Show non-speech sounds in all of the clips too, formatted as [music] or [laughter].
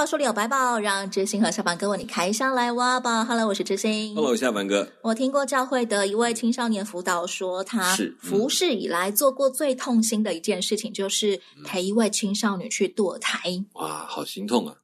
寶書裡有白寶，讓知心和下班哥為你開箱來挖寶。Hello，我是知心。Hello，下班哥。我聽過教會的一位青少年輔導說，他是服侍，以來做過最痛心的一件事情，就是陪一位青少女去墮胎。嗯。哇，好心痛啊！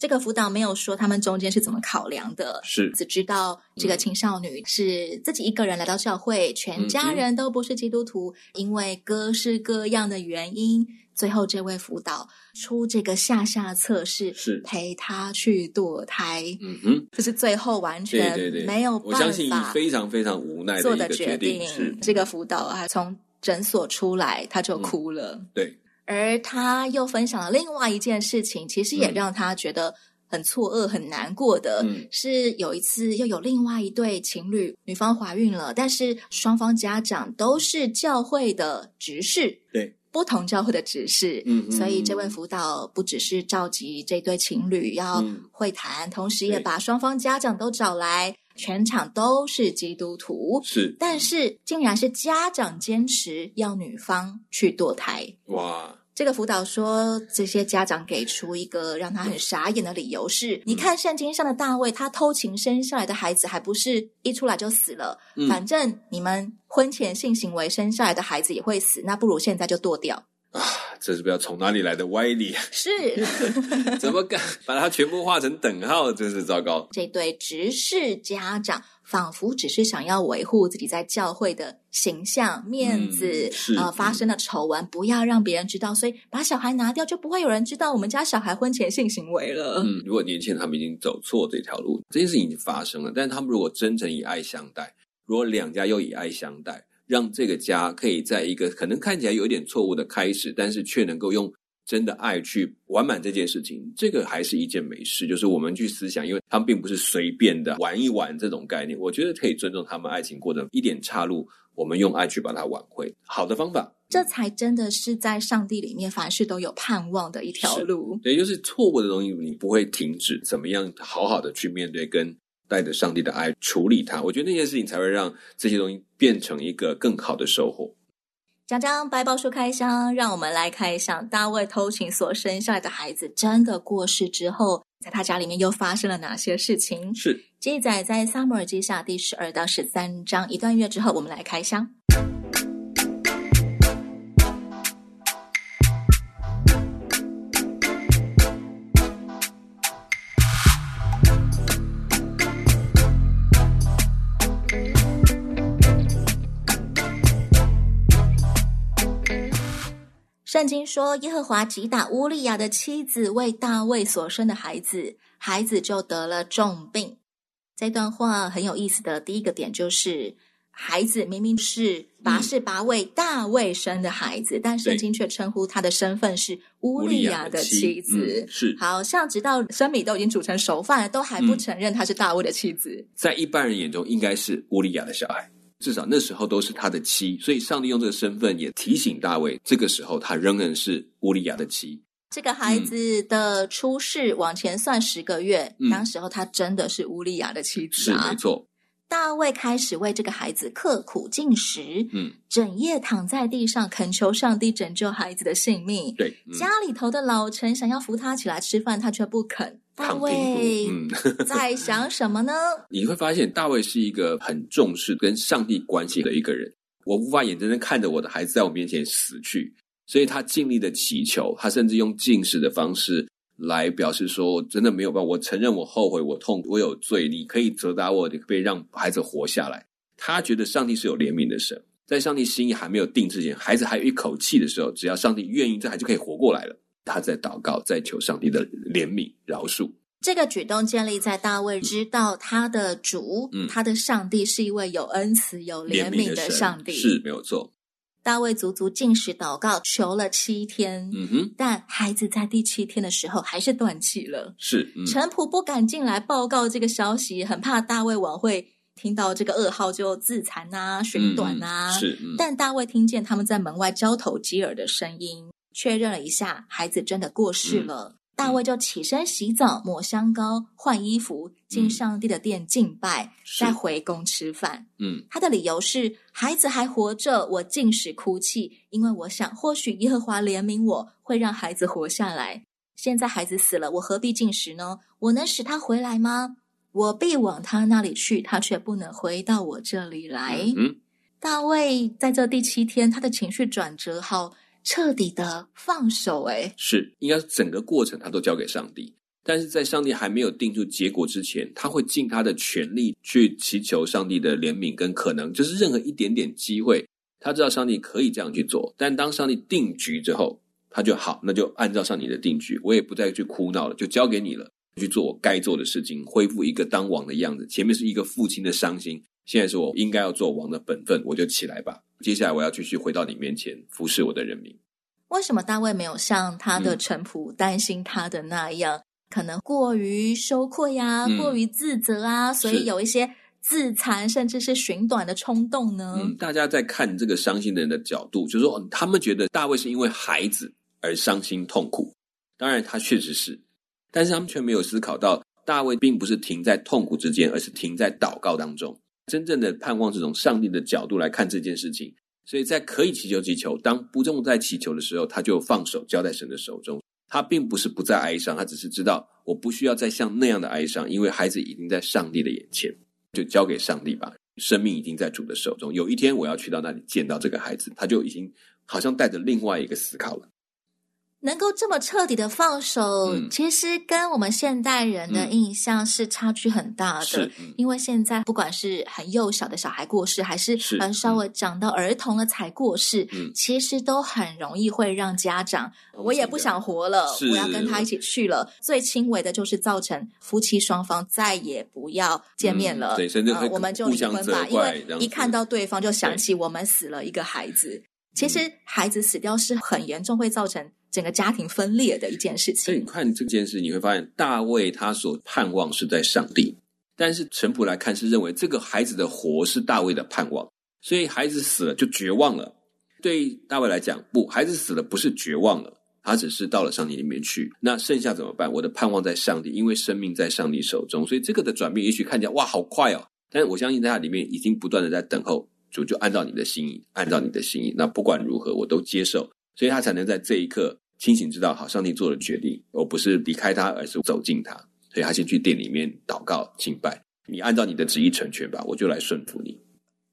這個輔導沒有說他們中間是怎麼考量的，是只知道這個青少女是自己一個人來到教會，全家人都不是基督徒，嗯、因為各式各樣的原因。最後，這位輔導出這個下下策，是陪他去墮胎。嗯哼是，這是最後完全沒有辦法對對對。我相信非常非常無奈的做的決定是這個輔導，他從診所出來，他就哭了。嗯、對，而他又分享了另外一件事情，其實也讓他覺得很錯愕、很難過的。嗯、是有一次又有另外一對情侶，女方懷孕了，但是雙方家長都是教會的執事。對。不同教會的指示，嗯、所以這位輔導不只是召集這對情侶要會談，嗯、同時也把雙方家長都找來，對全場都是基督徒。是，但是竟然是家長堅持要女方去墮胎。哇！這個輔導說，這些家長給出一個讓他很傻眼的理由是：嗯、你看聖經上的大衛，他偷情生下來的孩子還不是一出來就死了。嗯、反正你們婚前性行為生下來的孩子也會死，那不如現在就剁掉。啊，這是不知道從哪裡來的歪理？是， [laughs] 怎麼敢把它全部畫成等號？真是糟糕。這對直視家長。仿佛只是想要維護自己在教會的形象、面子，啊、嗯嗯呃，發生的醜聞不要讓別人知道，所以把小孩拿掉就不會有人知道我們家小孩婚前性行為了。嗯，如果年輕人他們已經走錯這條路，這件事情已經發生了，但是他們如果真誠以愛相待，如果兩家又以愛相待，讓這個家可以在一個可能看起來有點錯誤的開始，但是卻能夠用。真的愛去完滿這件事情，這個還是一件美事。就是我們去思想，因為他們並不是隨便的玩一玩這種概念。我覺得可以尊重他們愛情過程一點岔路，我們用愛去把它挽回，好的方法，這才真的是在上帝裡面凡事都有盼望的一條路。也就是錯誤的東西，你不會停止，怎麼樣好好的去面對，跟帶着上帝的愛處理它。我覺得那件事情才會讓這些東西變成一個更好的收穫。講講《白寶書》開箱，讓我們來開箱。大衛偷情所生下來的孩子真的過世之後，在他家裡面又發生了哪些事情？是記載在《撒母耳記下》第十二到十三章。一段音樂之後，我們來開箱。聖經說，耶和華擊打烏利亞的妻子為大衛所生的孩子，孩子就得了重病。這段話很有意思的第一個點就是，孩子明明是拔示巴為大衛生的孩子，嗯、但聖經卻稱呼他的身份是烏利亞的妻子，妻嗯、是好像直到生米都已經煮成熟飯了，都還不承認他是大衛的妻子，嗯。在一般人眼中，應該是烏利亞的小孩。至少那時候都是他的妻，所以上帝用這個身份也提醒大衛，這個時候他仍然是烏利亞的妻。這個孩子的出世往前算十個月，嗯、當時候他真的是烏利亞的妻子，是沒錯。大衛開始為這個孩子刻苦禁食，嗯，整夜躺在地上懇求上帝拯救孩子的性命。對，嗯，家裡頭的老臣想要扶他起來吃飯，他卻不肯。大衛，嗯，在想什麼呢？你會發現大衛是一個很重視跟上帝關係的一個人。我無法眼睜睜看着我的孩子在我面前死去，所以他盡力的祈求，他甚至用禁食的方式。來表示說，真的沒有辦法，我承認我後悔，我痛苦，我有罪。你可以責打我，你可以讓孩子活下來。他覺得上帝是有憐憫的神，在上帝心意還沒有定之前，孩子還有一口氣的時候，只要上帝願意，這孩子就可以活過來了。他在禱告，在求上帝的憐憫、饒恕。這個舉動建立在大衛、嗯、知道他的主，嗯、他的上帝是一位有恩慈、有憐憫的上帝，是沒有錯。大衛足足禁食禱告求了七天，嗯哼，但孩子在第七天的時候還是斷氣了。是，嗯、臣僕不敢進來報告這個消息，很怕大衛王會聽到這個噩耗就自殘啊、尋短啊。嗯、是，嗯、但大衛聽見他們在門外交頭接耳的聲音，確認了一下，孩子真的過世了。嗯大衛就起身洗澡、抹香膏、換衣服，進上帝的殿敬拜，嗯、再回宮吃飯。嗯，他的理由是：孩子還活着，我禁食哭泣，因為我想或許耶和華憐憫我會讓孩子活下來。現在孩子死了，我何必禁食呢？我能使他回來嗎？我必往他那裡去，他卻不能回到我這裡來。嗯、大衛在這第七天，他的情緒轉折好。徹底的放手。欸，哎，是，應該是整個過程他都交給上帝。但是在上帝還沒有定出結果之前，他會盡他的全力去祈求上帝的憐憫，跟可能就是任何一點點機會，他知道上帝可以這樣去做。但當上帝定局之後，他就好，那就按照上帝的定局，我也不再去哭鬧了，就交給你了，去做我該做的事情，恢復一個當王的樣子。前面是一個父親的傷心，現在是我應該要做王的本分，我就起來吧。接下來我要繼續回到你面前，服侍我的人民。為什麼大衛沒有像他的臣僕、嗯、擔心他的那樣，可能過於羞愧呀、啊，嗯、過於自責啊，所以有一些自殘是甚至是尋短的衝動呢、嗯？大家在看這個傷心的人的角度，就是、說他們覺得大衛是因為孩子而傷心痛苦，當然他確實是，但是他們卻沒有思考到，大衛並不是停在痛苦之間，而是停在禱告當中。真正的盼望是從上帝的角度來看這件事情，所以在可以祈求、祈求，當不用再祈求的時候，他就放手交在神的手中。他並不是不再哀傷，他只是知道我不需要再像那樣的哀傷，因為孩子已經在上帝的眼前，就交給上帝吧。生命已經在主的手中，有一天我要去到那裡見到這個孩子，他就已經好像帶着另外一個思考了。能夠這麼徹底的放手，嗯、其實跟我們現代人的印象是差距很大的。嗯、是，嗯、因為現在不管是很幼小的小孩過世，還是嗯稍微長到兒童了才過世，嗯、其實都很容易會讓家長、嗯、我也不想活了，這個、我要跟他一起去了。嗯、最輕微的就是造成夫妻雙方再也不要見面了，我們、嗯、就離婚、呃、吧。因為一看到對方就想起我們死了一個孩子。子其實孩子死掉是很嚴重，會造成。整個家庭分裂的一件事情，所以你看這件事，你會發現大衛他所盼望是在上帝，但是臣僕來看是認為這個孩子的活是大衛的盼望，所以孩子死了就絕望了。對於大衛來講，不，孩子死了不是絕望了，他只是到了上帝裡面去。那剩下怎麼辦？我的盼望在上帝，因為生命在上帝手中，所以這個的轉變也許看起來哇，好快哦。但我相信在他裡面已經不斷的在等候主，就按照你的心意，按照你的心意。那不管如何，我都接受，所以他才能在這一刻。清醒知道，好，上帝做了決定，我不是離開他，而是走近他，所以，他先去殿裡面禱告敬拜。你按照你的旨意成全吧，我就來順服你。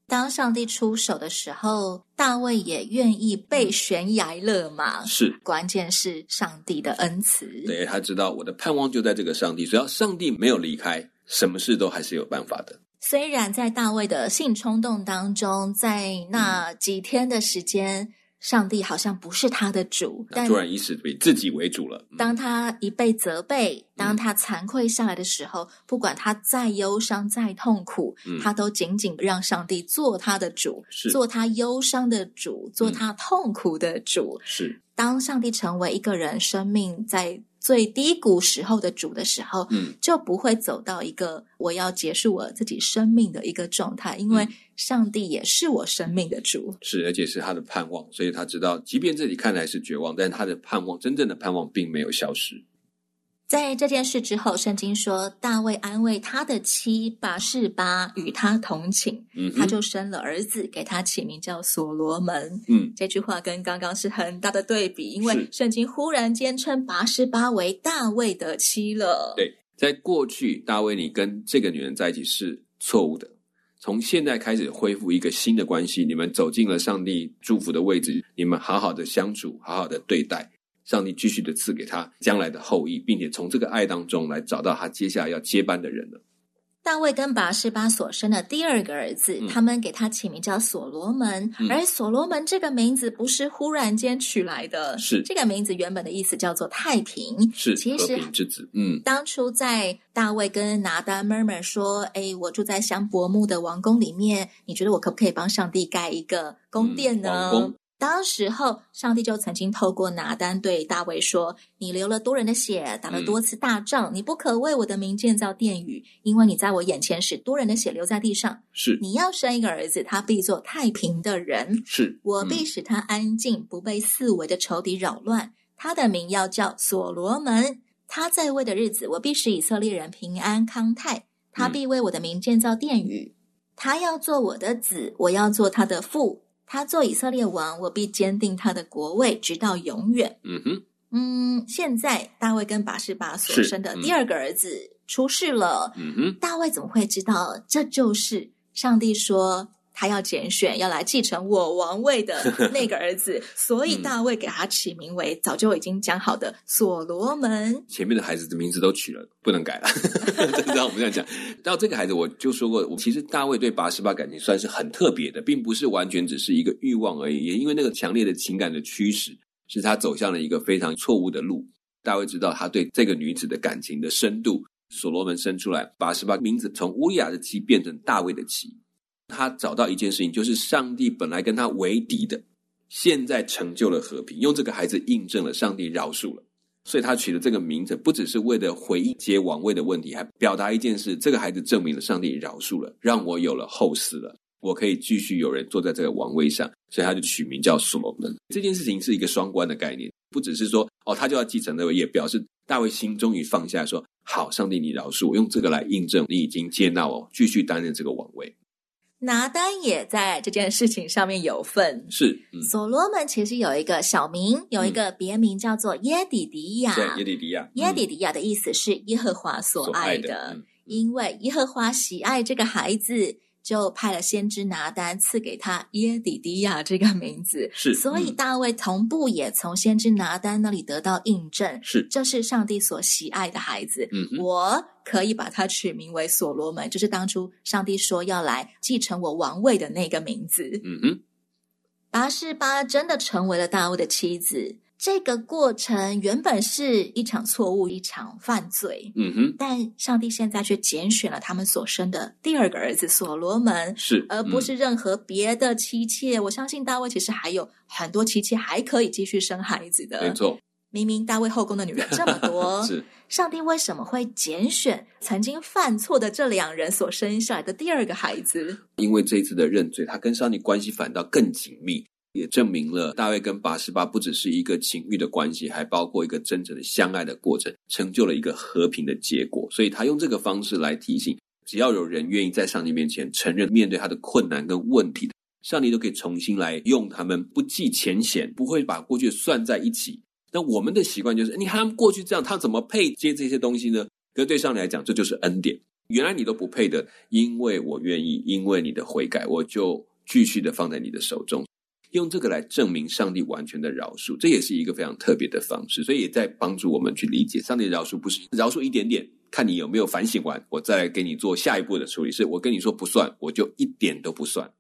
當上帝出手的時候，大衛也願意被懸崖勒馬。嗯。是，關鍵是上帝的恩慈。對，他知道我的盼望就在這個上帝，只要上帝沒有離開，什麼事都還是有辦法的。雖然在大衛的性衝動當中，在那幾天的時間。嗯上帝好像不是他的主，但突然以此以自己為主了。當他一被責備，當他慚愧下來的時候，不管他再憂傷、再痛苦，他都僅僅讓上帝做他的主，做他憂傷的主，做他痛苦的主。是當上帝成為一個人生命在。所以低谷時候的主的時候，嗯，就不會走到一個我要結束我自己生命的一個狀態，因為上帝也是我生命的主，嗯，是，而且是他的盼望，所以他知道，即便這裡看來是絕望，但他的盼望，真正的盼望並沒有消失。在這件事之後，聖經說大衛安慰他的妻拔示巴，與他同寢，嗯嗯，他就生了兒子，給他起名叫所羅門。嗯，這句話跟剛剛是很大的對比，因為聖經忽然間稱拔示巴為大衛的妻了。對，在過去大衛，你跟這個女人在一起是錯誤的，從現在開始恢復一個新的關係，你們走進了上帝祝福的位置，你們好好的相處，好好的對待。上帝繼續的賜給他將來的後裔，並且從這個愛當中來找到他接下來要接班的人了。大衛跟拔示巴所生的第二個兒子，嗯、他們給他起名叫所羅門。嗯、而所羅門這個名字不是忽然間取來的，是這個名字原本的意思叫做太平，是其實，和平之子，嗯，當初在大衛跟拿單媽媽說：“哎，我住在香柏木的王宮裡面，你覺得我可不可以幫上帝蓋一個宮殿呢？”嗯當時候，上帝就曾經透過拿單對大衛說：“你流了多人的血，打了多次大仗，嗯、你不可為我的名建造殿宇，因為你在我眼前使多人的血流在地上。是，你要生一個兒子，他必做太平的人。是，我必使他安靜，嗯、不被四圍的仇敵擾亂。他的名要叫所羅門。他在位的日子，我必使以色列人平安康泰。他必為我的名建造殿宇。嗯、他要做我的子，我要做他的父。”他做以色列王，我必堅定他的國位，直到永遠。嗯哼，嗯，現在大衛跟拔示巴所生的第二個兒子出世了。嗯，大衛怎麼會知道？這就是上帝說。他要揀選，要來繼承我王位的那個兒子， [laughs] 所以大衛給他起名為早就已經講好的所羅門。前面的孩子的名字都取了，不能改了， [laughs] 知道我們這樣講。 [laughs] 到這個孩子，我就說過，我其實大衛對拔示巴感情算是很特別的，並不是完全只是一個慾望而已，也因為那個強烈的情感的驅使，是他走向了一個非常錯誤的路。大衛知道他對這個女子的感情的深度，所羅門生出來，拔示巴名字從烏雅的妻變成大衛的妻他找到一件事情，就是上帝本來跟他為敵的，現在成就了和平，用這個孩子印證了上帝饒恕了，所以他取的這個名字，不只是為了回應接王位的問題，還表達一件事：這個孩子證明了上帝饒恕了，讓我有了後嗣了，我可以繼續有人坐在這個王位上，所以他就取名叫所羅門。這件事情是一個雙關的概念，不只是說哦，他就要繼承那位，也表示大衛心終於放下，說好，上帝你饒恕我，用這個來印證你已經接納我，繼續擔任這個王位。拿單也在這件事情上面有份，是。嗯，所羅門其實有一個小名，有一個別名叫做耶底底亞，耶底底亞，耶底底亞的意思是耶和華所愛的，愛的嗯，因為耶和華喜愛這個孩子。就派了先知拿丹，賜給他耶底迪亞這個名字，是，所以大衛同步也從先知拿丹那裡得到印證，是，這是上帝所喜愛的孩子，嗯，嗯，我可以把它取名為所羅門，就是當初上帝說要來繼承我王位的那個名字，嗯哼、嗯，拔示巴真的成為了大衛的妻子。這個過程原本是一場錯誤，一場犯罪。嗯哼，但上帝現在卻揀選了他們所生的第二個兒子所羅門，是，而不是任何別的妻妾。嗯、我相信大衛其實還有很多妻妾還可以繼續生孩子的，沒錯。明明大衛後宮的女人這麼多， [laughs] 是上帝為什麼會揀選曾經犯錯的這兩人所生下來的第二個孩子？因為這一次的認罪，他跟上帝關係反倒更緊密。也證明了大衛跟拔示巴不只是一個情欲的關係，還包括一個真正的相愛的過程，成就了一個和平的結果。所以他用這個方式來提醒：只要有人願意在上帝面前承認面對他的困難跟問題，上帝都可以重新來用他們，不計前嫌，不會把過去算在一起。那我們的習慣就是：你看他們過去這樣，他怎麼配接這些東西呢？可是對上帝來講，這就是恩典。原來你都不配的，因為我願意，因為你的悔改，我就繼續的放在你的手中。用這個來證明上帝完全的饒恕，這也是一個非常特別的方式，所以也在幫助我們去理解，上帝饒恕不是饒恕一點點，看你有沒有反省完，我再給你做下一步的處理。是我跟你說不算，我就一點都不算。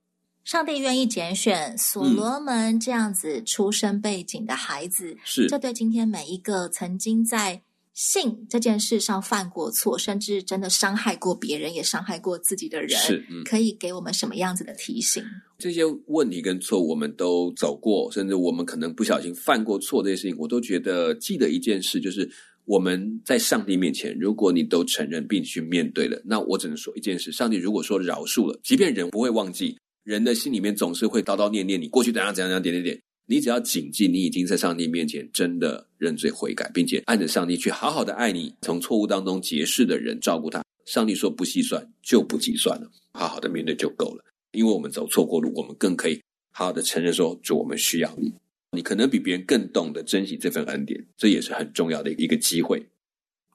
上帝願意揀選所羅門這樣子出身背景的孩子，嗯、是這對今天每一個曾經在。性這件事上犯過錯，甚至真的傷害過別人，也傷害過自己的人，是、嗯、可以給我們什麼樣子的提醒？這些問題跟錯誤，我們都走過，甚至我們可能不小心犯過錯這些事情，我都覺得記得一件事，就是我們在上帝面前，如果你都承認並去面對了，那我只能說一件事：上帝如果說饒恕了，即便人不會忘記，人的心裡面總是會叨叨念念你過去怎樣怎樣怎樣點點點。你只要謹記，你已經在上帝面前真的認罪悔改，並且按着上帝去好好的愛你，從錯誤當中結識的人，照顧他。上帝說不計算就不計算了，好好的面對就夠了。因為我們走錯過路，我們更可以好好的承認說，主，我們需要你，你可能比別人更懂得珍惜這份恩典，這也是很重要的一個機會。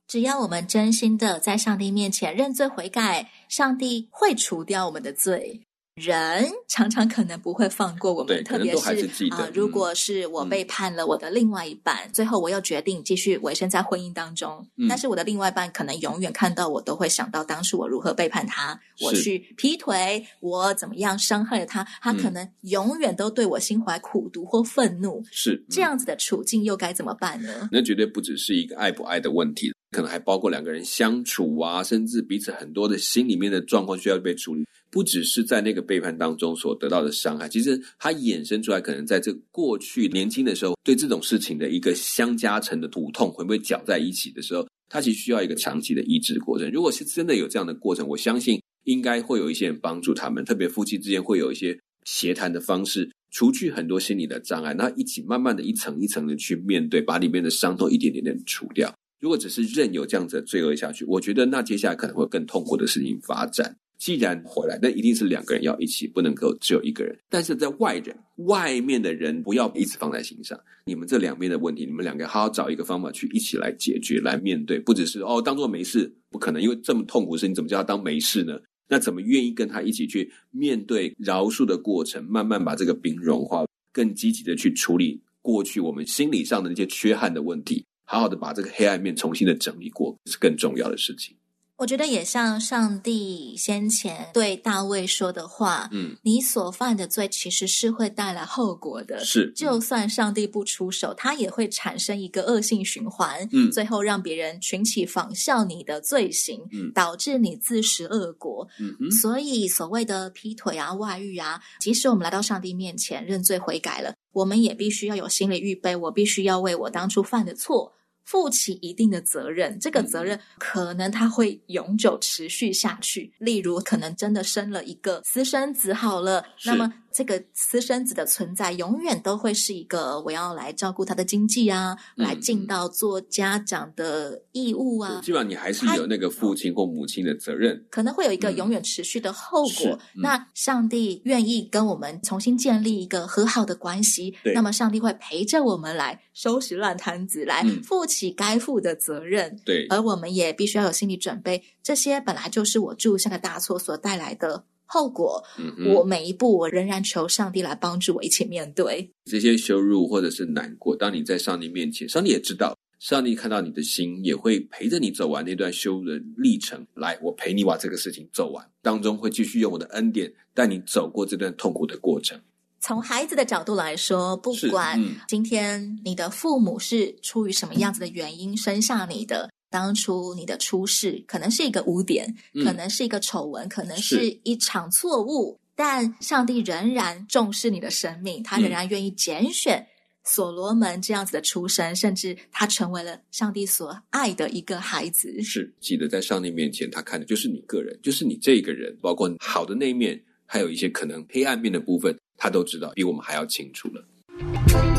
只要我們真心的在上帝面前認罪悔改，上帝會除掉我們的罪。人常常可能不會放過我們，特別是啊、嗯呃，如果是我背叛了我的另外一半，嗯、最後我又決定繼續維生在婚姻當中，嗯、但是我的另外一半可能永遠看到我，都會想到當初我如何背叛他，是我去劈腿，我怎麼樣傷害了他，他可能永遠都對我心懷苦毒或憤怒，是、嗯、這樣子的處境又該怎麼辦呢？嗯？那絕對不只是一個愛不愛的問題了。可能還包括兩個人相處啊，甚至彼此很多的心裡面的狀況需要被處理，不只是在那個背叛當中所得到的傷害。其實它衍生出來，可能在這過去年輕的時候，對這種事情的一個相加成的苦痛，會不會攪在一起的時候，它其實需要一個長期的醫治過程。如果是真的有這樣的過程，我相信應該會有一些人幫助他們，特別夫妻之間會有一些協談的方式，除去很多心理的障礙，那一起慢慢的一層一層的去面對，把裡面的傷痛一點點點的除掉。如果只是任由這樣子的罪惡下去，我覺得那接下來可能會更痛苦的事情發展。既然回來，那一定是兩個人要一起，不能夠只有一個人。但是在外人、外面的人，不要一直放在心上。你們這兩邊的問題，你們兩個好好找一個方法去一起來解決、來面對。不只是哦，當做沒事，不可能，因為這麼痛苦的事，你怎麼叫他當沒事呢？那怎麼願意跟他一起去面對饒恕的過程，慢慢把這個冰融化，更積極的去處理過去我們心理上的那些缺憾的問題。好好的把這個黑暗面重新的整理過，是更重要的事情。我覺得也像上帝先前對大衛說的話，嗯，你所犯的罪其實是會帶來後果的，是，就算上帝不出手，他也會產生一個惡性循環，嗯，最後讓別人群起仿效你的罪行，嗯，導致你自食惡果，嗯哼，所以所謂的劈腿啊、外遇啊，即使我們來到上帝面前認罪悔改了，我們也必須要有心理預備，我必須要為我當初犯的錯。負起一定的責任，這個責任可能他會永久持續下去。嗯、例如，可能真的生了一個私生子，好了，是那麼。這個私生子的存在，永遠都會是一個我要來照顧他的經濟啊，嗯、來盡到做家長的義務啊。基本上你還是有那個父親或母親的責任，可能會有一個永遠持續的後果。嗯、那上帝願意跟我們重新建立一個和好的關係，那麼上帝會陪着我們來收拾爛攤子，來負起該負的責任。對，而我們也必須要有心理準備，這些本來就是我鑄下的大錯所帶來的後果，嗯嗯，我每一步，我仍然求上帝來幫助我一起面對這些羞辱或者是難過。當你在上帝面前，上帝也知道，上帝看到你的心，也會陪着你走完那段羞辱的歷程。來，我陪你把這個事情走完，當中會繼續用我的恩典帶你走過這段痛苦的過程。從孩子的角度來說，不管今天你的父母是出於什麼樣子的原因生下你的。當初你的出世可能是一個污點，嗯、可能是一個醜聞，可能是一場錯誤，是但上帝仍然重視你的生命，他仍然願意揀選所羅門這樣子的出身，嗯、甚至他成為了上帝所愛的一個孩子。是，記得在上帝面前，他看的就是你個人，就是你這個人，包括好的那一面，還有一些可能黑暗面的部分，他都知道，比我們還要清楚了。嗯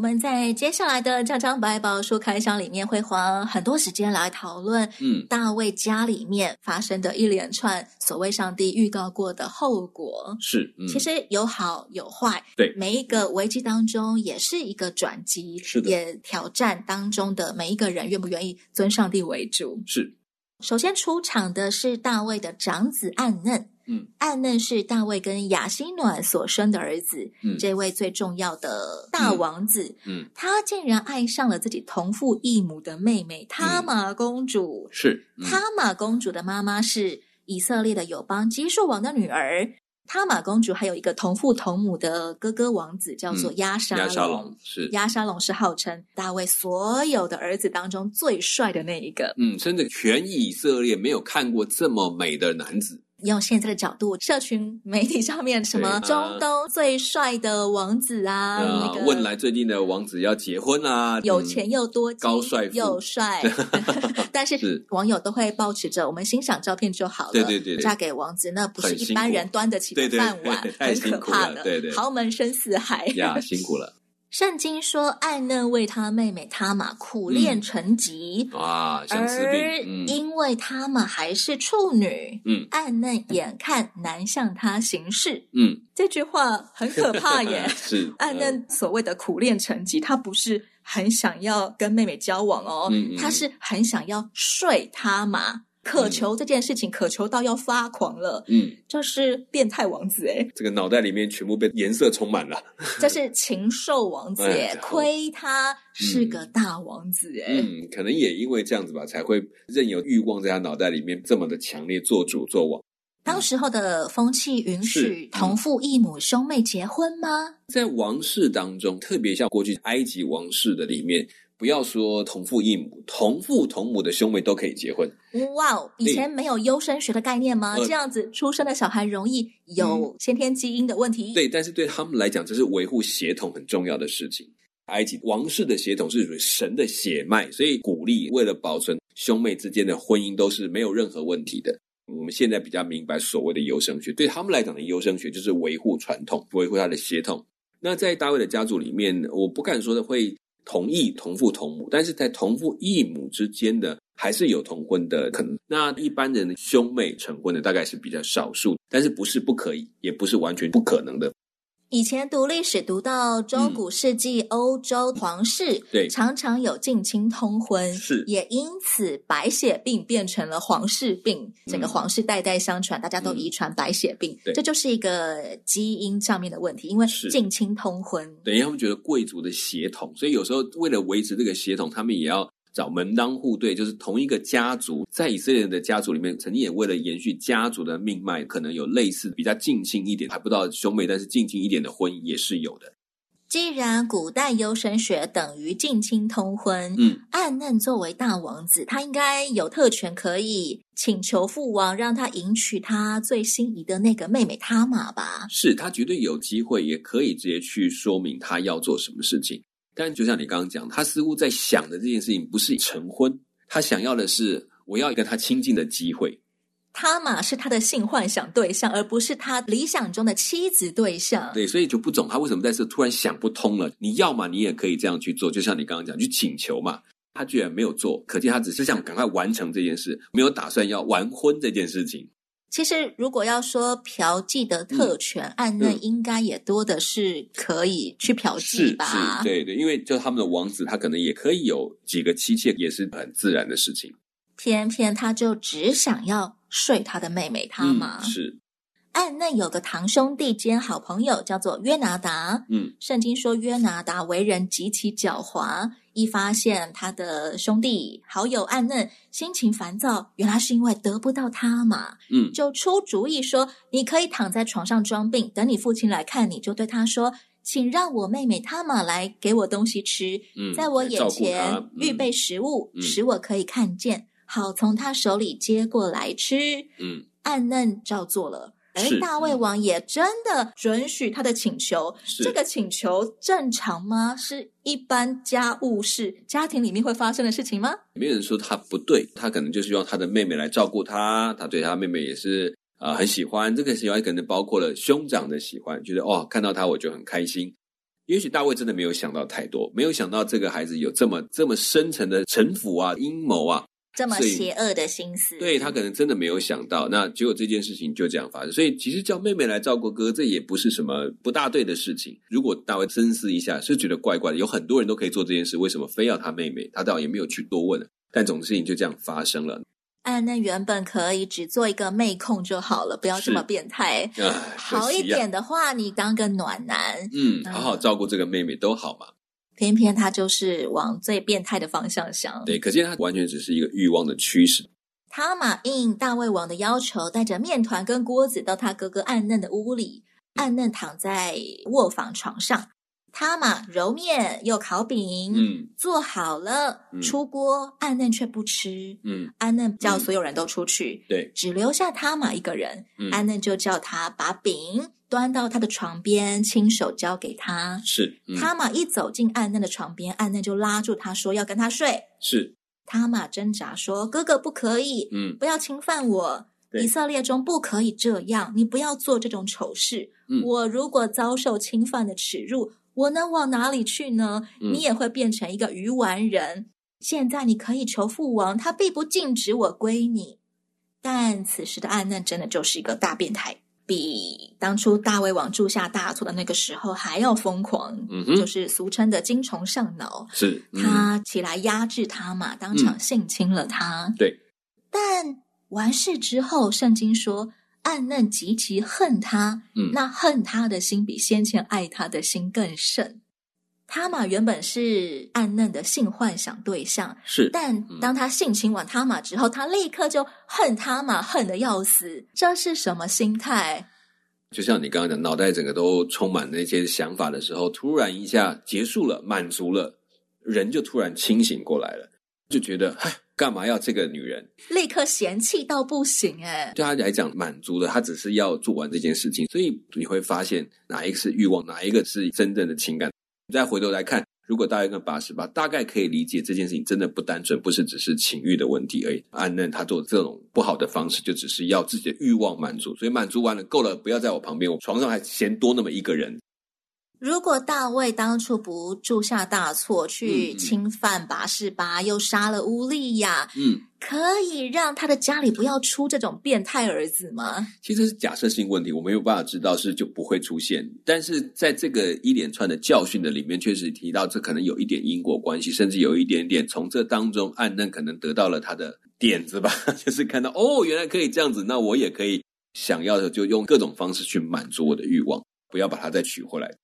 我們在接下來的《張張百寶書》開箱裡面會花很多時間來討論，嗯，大衛家裡面發生的一連串所謂上帝預告過的後果是，嗯、其實有好有壞，對，每一個危機當中也是一個轉機，是的，也挑戰當中的每一個人願不願意尊上帝為主是。首先出場的是大衛的長子暗嫩。嗯，暗嫩是大衛跟雅辛暖所生的兒子，嗯、這位最重要的大王子，嗯，嗯他竟然愛上了自己同父異母的妹妹塔、嗯、瑪公主，是塔、嗯、瑪公主的媽媽是以色列的友邦基述王的女兒。塔瑪公主還有一個同父同母的哥哥王子，叫做亞、莎、嗯、亞沙龍，是亞沙龍是號稱大衛所有的兒子當中最帥的那一個，嗯，真的，全以色列沒有看過這麼美的男子。用現在的角度，社群媒體上面什麼中東最帥的王子啊，那、啊、個未來最近的王子要結婚啊，有錢又多金高帥又帥， [laughs] 是，但是網友都會抱持着我們欣賞照片就好了。對，對對對，嫁給王子那不是一般人端得起的飯碗，很可怕的。對，對對，豪門深似海呀，辛苦了。聖經說，暗嫩為他妹妹他瑪苦戀成疾啊，嗯哇嗯、而因為他瑪還是處女，嗯，暗嫩眼看難向他行事，嗯，這句話很可怕耶。 [laughs] 是，暗嫩所謂的苦戀成疾，他不是很想要跟妹妹交往哦，嗯嗯，他是很想要睡他瑪。渴求、嗯、這件事情，渴求到要發狂了，嗯，就是變態王子誒，這個腦袋裡面全部被顏色充滿了，就 [laughs] 是禽獸王子耶，哎、呀虧他是個大王子誒，嗯，嗯，可能也因為這樣子吧，才會任由欲望在他腦袋裡面這麼的強烈做主做王。嗯、當時候的風氣允許同父異母兄妹結婚嗎？嗯、在王室當中，特別像過去埃及王室的裡面。不要說同父異母，同父同母的兄妹都可以結婚。哇哦，以前沒有優生學的概念嗎？呃、這樣子出生的小孩容易有先天基因的問題。嗯。對，但是對他們來講，這是維護血統很重要的事情。埃及王室的血統是屬於神的血脈，所以鼓勵為了保存兄妹之間的婚姻都是沒有任何問題的。我們現在比較明白所謂的優生學，對他們來講的優生學就是維護傳統、維護他的血統。那在大衛的家族裡面，我不敢說的會。同意同父同母，但是在同父異母之間呢，還是有同婚的可能。那一般人的兄妹成婚的大概是比較少數，但是不是不可以，也不是完全不可能的。以前讀歷史，讀到中古世紀、嗯、歐洲皇室，常常有近親通婚，是也因此白血病變成了皇室病，嗯、整個皇室代代相傳，大家都遺傳白血病，嗯、對，這就是一個基因上面的問題，因為近親通婚，等於他們覺得貴族的血統，所以有時候為了維持這個血統，他們也要找門當戶對，就是同一個家族，在以色列人的家族裡面，曾經也為了延續家族的命脈，可能有類似的比較近親一點，還不到兄妹，但是近親一點的婚姻也是有的。既然古代優生學等於近親通婚，嗯，暗嫩作為大王子，他應該有特權可以請求父王讓他迎娶他最心儀的那個妹妹他瑪吧？是，他絕對有機會，也可以直接去說明他要做什麼事情。但就像你剛剛講，他似乎在想的這件事情不是成婚，他想要的是我要一個他親近的機會。他嘛是他的性幻想對象，而不是他理想中的妻子對象。對，所以就不懂他為什麼在這突然想不通了。你要嘛你也可以這樣去做，就像你剛剛講，去請求嘛。他居然沒有做，可見他只是想趕快完成這件事，沒有打算要完婚這件事情。其實，如果要說嫖妓的特權，按論應該也多的是可以去嫖妓吧？嗯嗯、是是對對，因為就是他們的王子，他可能也可以有幾個妻妾，也是很自然的事情。偏偏他就只想要睡他的妹妹，他嘛。嗯、是。暗嫩有個堂兄弟兼好朋友，叫做約拿達。嗯，聖經說約拿達為人極其狡猾。一發現他的兄弟好友暗嫩心情煩躁，原來是因為得不到他嘛。嗯，就出主意說：“你可以躺在床上裝病，等你父親來看你，就對他說，請讓我妹妹他瑪來給我東西吃，嗯、在我眼前預備食物，嗯、使我可以看見，好從他手裡接過來吃。”嗯，暗嫩照做了。哎，大衛王也真的准許他的請求，是這個請求正常嗎？是一般家務事，家庭裡面會發生的事情嗎？沒有人說他不對，他可能就是用他的妹妹來照顧他，他對他妹妹也是啊、呃、很喜歡。這個喜歡可能包括了兄長的喜歡，覺得哦看到他我就很開心。也許大衛真的沒有想到太多，沒有想到這個孩子有這麼這麼深沉的城府啊，陰謀啊。這麼邪惡的心思，對，他可能真的沒有想到。那結果這件事情就這樣發生，所以其實叫妹妹來照顧哥，這也不是什麼不大對的事情。如果大家深思一下，是覺得怪怪的。有很多人都可以做這件事，為什麼非要他妹妹？他倒也沒有去多問。但總之，事情就這樣發生了。啊，那原本可以只做一個妹控就好了，不要這麼變態。啊啊、好一點的話，你當個暖男，嗯，好好照顧這個妹妹、嗯、都好嘛。偏偏他就是往最變態的方向想，對，可見他完全只是一個欲望的驅使。他瑪，應大衛王的要求，帶着面糰跟鍋子到他哥哥暗嫩的屋裡。嗯、暗嫩躺在臥房床上，他瑪揉面又烤餅，嗯，做好了、嗯、出鍋，暗嫩卻不吃，嗯，暗嫩叫所有人都出去，對、嗯，只留下他瑪一個人，暗、嗯、嫩就叫他把餅。端到他的床邊，親手交給他。是，嗯、他瑪一走進暗嫩的床邊，暗嫩就拉住他說要跟他睡。是，他瑪掙扎說，哥哥不可以，嗯，不要侵犯我。對以色列中不可以這樣，你不要做這種醜事。嗯，我如果遭受侵犯的恥辱，我能往哪裡去呢？你也會變成一個愚頑人。嗯、現在你可以求父王，他必不禁止我歸你。但此時的暗嫩真的就是一個大變態。比當初大衛王鑄下大錯的那個時候還要瘋狂，嗯、哼就是俗稱的“精蟲上腦”。是，嗯、他起來壓制他嘛，當場性侵了他。嗯、對，但完事之後，聖經說暗嫩極其恨他，嗯、那恨他的心比先前愛他的心更甚。他瑪原本是暗嫩的性幻想對象，是。但當他性侵完他瑪之後，他立刻就恨他瑪，恨得要死。這是什麼心態？就像你剛剛講，腦袋整個都充滿那些想法的時候，突然一下結束了，滿足了，人就突然清醒過來了，就覺得，哎，幹嘛要這個女人？立刻嫌棄到不行誒。對他來講，滿足了，他只是要做完這件事情，所以你會發現哪一個是慾望，哪一個是真正的情感。你再回頭來看，如果大約跟八十八大概可以理解這件事情，真的不單純，不是只是情欲的問題而已。按那他做這種不好的方式，就只是要自己的欲望滿足。所以滿足完了，夠了，不要在我旁邊，我床上還嫌多那麼一個人。如果大衛當初不鑄下大錯，去侵犯拔示巴，又殺了烏利亞，嗯，可以讓他的家裡不要出這種變態兒子嗎？其實是假設性問題，我沒有辦法知道是就不會出現。但是在這個一連串的教訓的裡面，確實提到這可能有一點因果關係，甚至有一點點從這當中暗嫩可能得到了他的點子吧，就是看到哦，原來可以這樣子，那我也可以想要的就用各種方式去滿足我的慾望，不要把他再娶回來。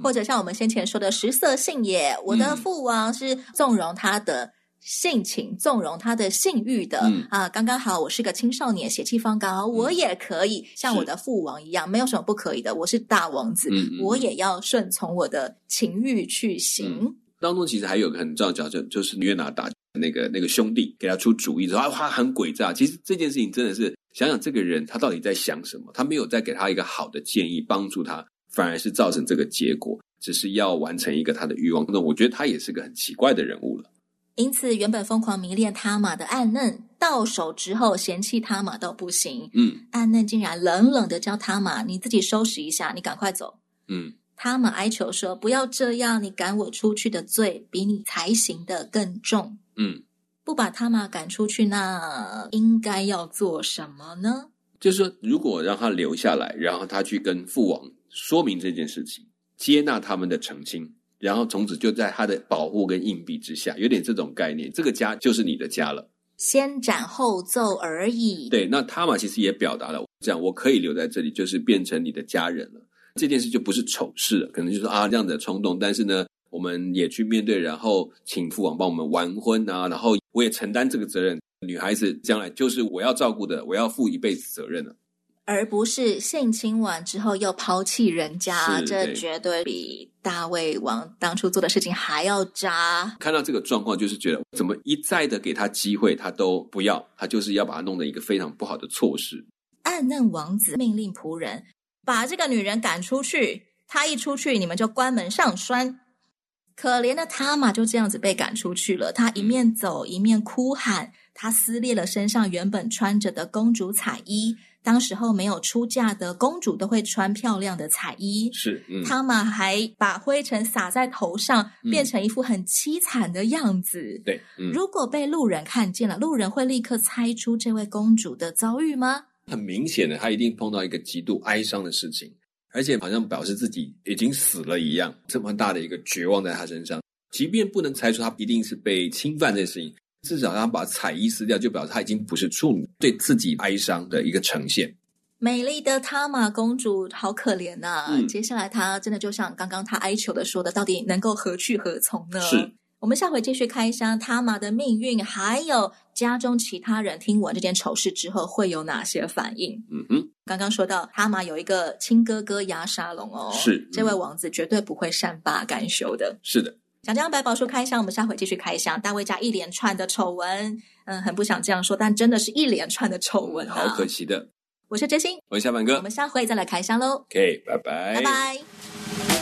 或者像我們先前說的，食色性也。我的父王是縱容他的性情，縱容他的性欲的。啊、嗯呃，剛剛好，我是個青少年，血氣方剛，嗯、我也可以像我的父王一樣，是沒有什麼不可以的。我是大王子，嗯、我也要順從我的情欲去行。嗯、當中其實還有個很重要的角色，就是約拿打，那個那個兄弟給他出主意說啊，他很詭詐。其實這件事情真的是想想這個人他到底在想什麼？他沒有在給他一個好的建議，幫助他。反而是造成這個結果，只是要完成一個他的慾望。那我覺得他也是個很奇怪的人物了。因此，原本瘋狂迷戀他瑪的暗嫩到手之後，嫌棄他瑪到不行。嗯，暗嫩竟然冷冷的叫他瑪，你自己收拾一下，你趕快走。”嗯，他瑪哀求說：“不要這樣，你趕我出去的罪比你才行的更重。”嗯，不把他瑪趕出去那，那應該要做什麼呢？就是說，如果讓他留下來，然後他去跟父王。說明這件事情，接納他們的澄清，然後從此就在他的保護跟蔭庇之下，有點這種概念，這個家就是你的家了。先斬後奏而已。對，那他嘛其實也表達了這樣，我可以留在這裡，就是變成你的家人了。這件事就不是醜事了，可能就是啊這樣子的衝動，但是呢，我們也去面對，然後請父王幫我們完婚啊，然後我也承擔這個責任。女孩子將來就是我要照顧的，我要負一輩子責任了。而不是性侵完之後又拋棄人家，這絕對比大衛王當初做的事情還要渣。看到這個狀況，就是覺得怎麼一再的給他機會，他都不要，他就是要把他弄得一個非常不好的措施。暗嫩王子命令僕人把這個女人趕出去，他一出去，你們就關門上栓。可憐的塔瑪，就這樣子被趕出去了。他一面走一面哭喊，他撕裂了身上原本穿着的公主彩衣。當時候沒有出嫁的公主都會穿漂亮的彩衣，是，嗯、他們還把灰塵撒在頭上，嗯、變成一副很凄慘的樣子。對，嗯、如果被路人看見了，路人會立刻猜出這位公主的遭遇嗎？很明顯的，她一定碰到一個極度哀傷的事情，而且好像表示自己已經死了一樣，這麼大的一個絕望在她身上。即便不能猜出，她一定是被侵犯這事情。至少他，把彩衣撕掉，就表示他已經不是處女，對自己哀傷的一個呈現。美麗的塔瑪公主好可憐吶、啊！嗯、接下來她真的就像剛剛她哀求的說的，到底能夠何去何從呢？是，我們下回繼續開箱塔瑪的命運，還有家中其他人聽聞這件醜事之後會有哪些反應？嗯哼，剛剛說到塔瑪有一個親哥哥押沙龍哦，是，嗯、這位王子絕對不會善罷甘休的。是的。想這樣，白寶書開箱，我們下回繼續開箱。大衛家一連串的醜聞，嗯，很不想這樣說，但真的是一連串的醜聞啊。好可惜的。我是真心，我是小滿哥，我們下回再來開箱嘍。OK，拜拜，拜拜。